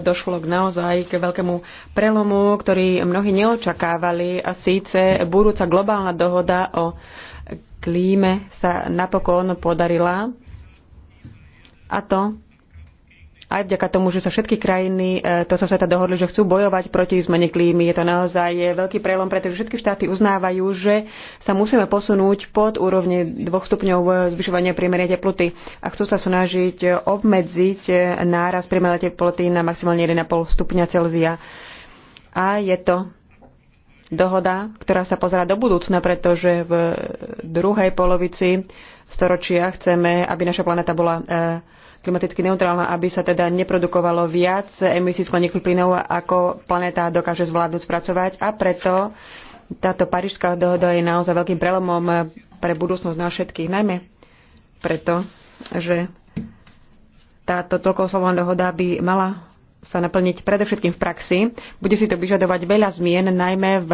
došlo k naozaj k veľkému prelomu, ktorý mnohí neočakávali a síce budúca globálna dohoda o klíme sa napokon podarila a to aj vďaka tomu, že sa všetky krajiny e, to sa sveta dohodli, že chcú bojovať proti zmene klímy. Je to naozaj veľký prelom, pretože všetky štáty uznávajú, že sa musíme posunúť pod úrovne 2 stupňov zvyšovania priemeria teploty a chcú sa snažiť obmedziť náraz priemeria teploty na maximálne 1,5 stupňa Celzia. A je to dohoda, ktorá sa pozerá do budúcna, pretože v druhej polovici storočia chceme, aby naša planeta bola e, klimaticky neutrálna, aby sa teda neprodukovalo viac emisí skleníkových plynov, ako planéta dokáže zvládnuť spracovať. A preto táto parížská dohoda je naozaj veľkým prelomom pre budúcnosť nás všetkých. Najmä preto, že táto oslovovaná dohoda by mala sa naplniť predovšetkým v praxi. Bude si to vyžadovať veľa zmien, najmä v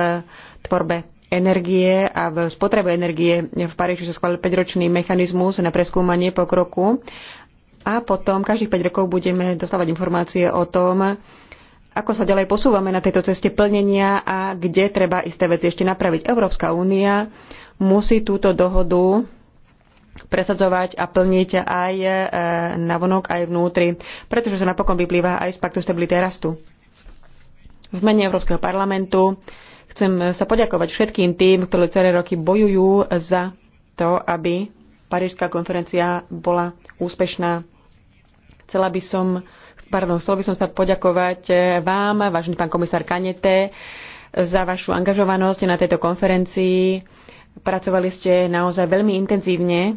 tvorbe energie a v spotrebe energie. V Paríži sa schválil 5-ročný mechanizmus na preskúmanie pokroku a potom každých 5 rokov budeme dostávať informácie o tom, ako sa ďalej posúvame na tejto ceste plnenia a kde treba isté veci ešte napraviť. Európska únia musí túto dohodu presadzovať a plniť aj e, vonok, aj vnútri, pretože sa napokon vyplýva aj z paktu stability rastu. V mene Európskeho parlamentu chcem sa poďakovať všetkým tým, ktorí celé roky bojujú za to, aby Parížská konferencia bola úspešná Chcela by som, pardon, chcela by som sa poďakovať eh, vám, vážený pán komisár Kanete, za vašu angažovanosť na tejto konferencii. Pracovali ste naozaj veľmi intenzívne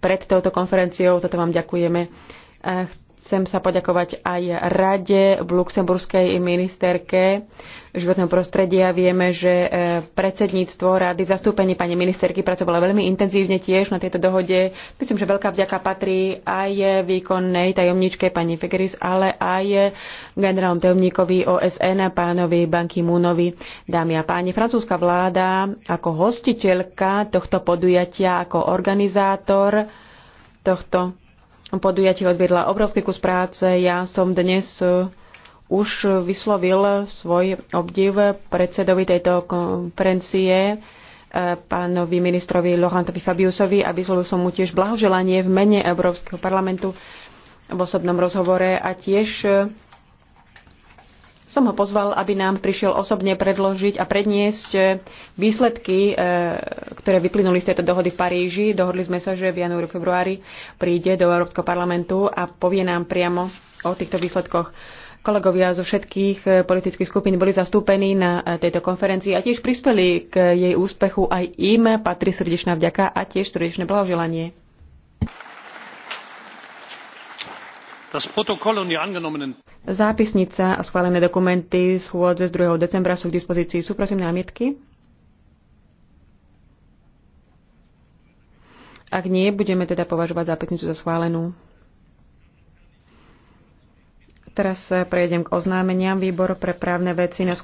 pred touto konferenciou, za to vám ďakujeme. Eh, Chcem sa poďakovať aj rade v luxemburskej ministerke životného prostredia. Vieme, že e, predsedníctvo rady zastúpení pani ministerky pracovala veľmi intenzívne tiež na tejto dohode. Myslím, že veľká vďaka patrí aj výkonnej tajomničke pani Fegeris, ale aj generálnom tajomníkovi OSN pánovi Banky Múnovi. Dámy a páni, francúzska vláda ako hostiteľka tohto podujatia, ako organizátor tohto podujatí odviedla obrovský kus práce. Ja som dnes e, už vyslovil svoj obdiv predsedovi tejto konferencie, e, pánovi ministrovi Lohantovi Fabiusovi a vyslovil som mu tiež blahoželanie v mene Európskeho parlamentu v osobnom rozhovore a tiež e, som ho pozval, aby nám prišiel osobne predložiť a predniesť eh, výsledky, eh, ktoré vyplynuli z tejto dohody v Paríži. Dohodli sme sa, že v januári, februári príde do Európskeho parlamentu a povie nám priamo o týchto výsledkoch. Kolegovia zo všetkých eh, politických skupín boli zastúpení na tejto konferencii a tiež prispeli k jej úspechu. Aj im patrí srdečná vďaka a tiež srdečné blahoželanie. Zápisnica a schválené dokumenty z chôdze z 2. decembra sú k dispozícii. Sú prosím námietky? Ak nie, budeme teda považovať zápisnicu za schválenú. Teraz eh, prejdem k oznámeniam. Výbor pre právne veci na